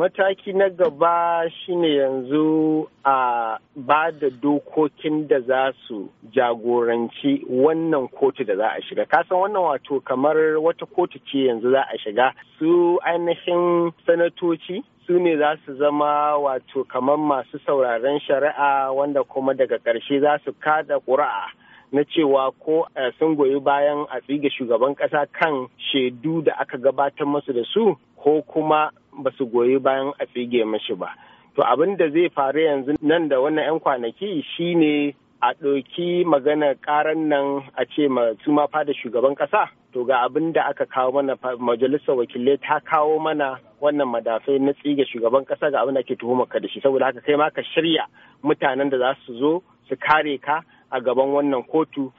mataki na gaba shine yanzu a ba da dokokin da za su jagoranci wannan kotu da za a shiga kasan wannan wato kamar wata kotu ce yanzu za a shiga su ainihin sanatoci su ne za su zama wato kamar masu sauraren shari'a wanda kuma daga ƙarshe za su kada ƙuri'a na cewa ko eh, sun goyi bayan a tsige shugaban ƙasa kan shaidu da aka gabatar masu da su ko kuma ba su goyi bayan a tsige mashi ba to abin da zai faru yanzu nan da wannan 'yan kwanaki shine a ɗauki magana ƙaran nan a ce ma su ma fada shugaban ƙasa to ga abin da aka kawo mana majalisar wakilai ta kawo mana wannan madafai na tsige shugaban ƙasa ga abin da ke tuhumar ka da shi saboda haka kai ma ka shirya mutanen da za su zo su kare ka a gaban wannan kotu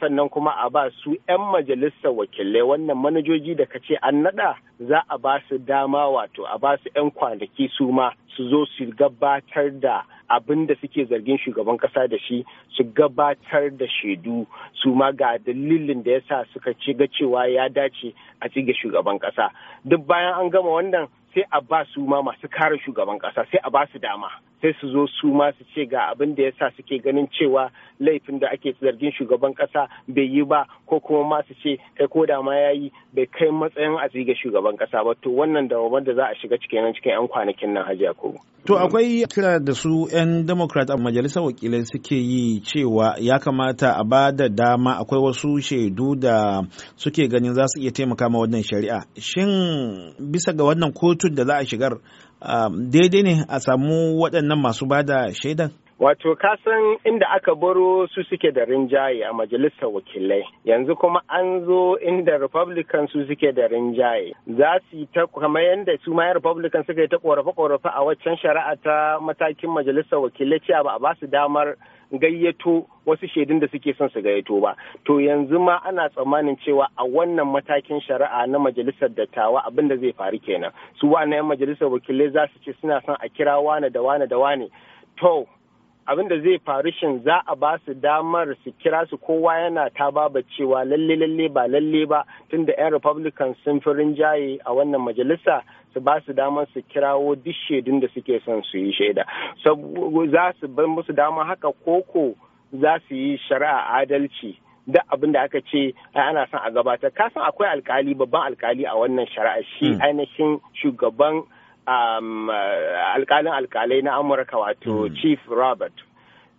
sannan kuma a ba su 'yan majalisar wakilai wannan manajoji da ka ce an nada za a ba su dama wato a ba su 'yan kwanaki su ma su zo su gabatar da abin da suke zargin shugaban kasa da shi su gabatar da shaidu su ma ga dalilin da ya sa suka ci ga cewa ya dace a cige shugaban kasa duk bayan an gama wannan sai a ba su ma masu kare shugaban kasa sai a ba su dama sai su zo su ma su ce ga abin da ya sa suke ganin cewa laifin da ake zargin shugaban kasa bai yi ba ko kuma ma su ce kai ko da ma yi bai kai matsayin a ga shugaban kasa ba to wannan da da za a shiga cikin cikin yan kwanakin nan hajiya ko To akwai kira da su 'yan Democrat a majalisar wakilai suke yi cewa ya kamata a ba da dama akwai wasu shaidu da suke ganin za su iya taimaka ma wannan shari'a. Shin bisa ga wannan kotun da za a shigar ah, daidai ne a samu waɗannan masu ba da shaidan? Wato kasan inda aka baro su suke da rinjaye a majalisar wakilai yanzu kuma an zo inda Republican su suke da rinjaye za su yi ta kamar yadda su ma Republican suka yi ta korafe-korafe a waccan shari'a ta matakin majalisar wakilai cewa ba a ba su damar gayyato wasu shaidun da suke son su gayyato ba to yanzu ma ana tsammanin cewa a wannan matakin shari'a na majalisar dattawa abin da zai faru kenan su wa'annan majalisar wakilai za su ce suna son a kira wane da wane da wane to abin da zai faru shin za a ba su damar su kira su kowa yana ta baba cewa lalle lalle ba lalle ba tunda 'yan republican sun fi rinjaye a wannan majalisa su ba su damar su kirawo duk shaidun da suke son su yi shaida za su bar musu damar haka koko za su yi shari'a adalci da abin da aka ce ana son a gabatar kasan akwai alkali babban alkali a wannan shari'a shi hmm. ainihin shugaban um, uh, alkalin alkalai na amurka wato hmm. chief robert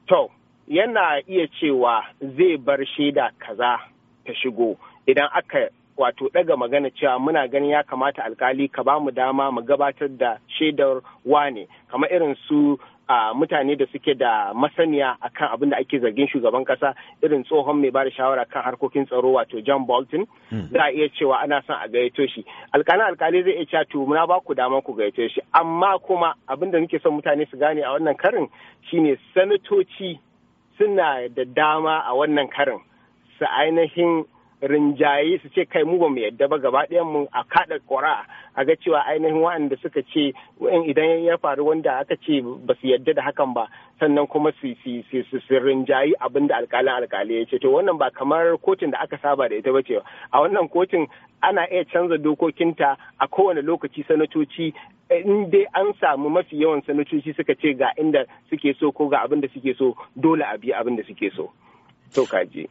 to yana iya cewa zai bar shaida kaza ta shigo idan aka wato daga magana cewa muna ganin ya kamata alkali ka ba mu dama mu gabatar da shaidar wane kamar irin su Uh, mutane da suke da masaniya akan abin da ake zargin shugaban kasa irin tsohon mai ba da shawara kan harkokin tsaro wato John Bolton hmm. za a iya cewa ana son a gayyato shi alkalin alkali zai iya cewa to muna ba ku dama ku gayyato shi amma kuma abin da nake son mutane su gane a wannan karin shine sanatoci suna da dama a wannan karin su ainihin rinjaye su ce kai mu ba mu yadda ba gaba ɗayan mu a kaɗa ƙwara a ga cewa ainihin waɗanda suka ce idan ya faru wanda aka ce ba su yadda da hakan ba sannan kuma su rinjayi abin da alkalin alkali ya ce to wannan ba kamar kotun da aka saba da ita ba ce a wannan kotun ana iya canza dokokinta a kowane lokaci sanatoci in dai an samu mafi yawan sanatoci suka ce ga inda suke so ko ga abin da suke so dole a biya abin da suke so. To kaji.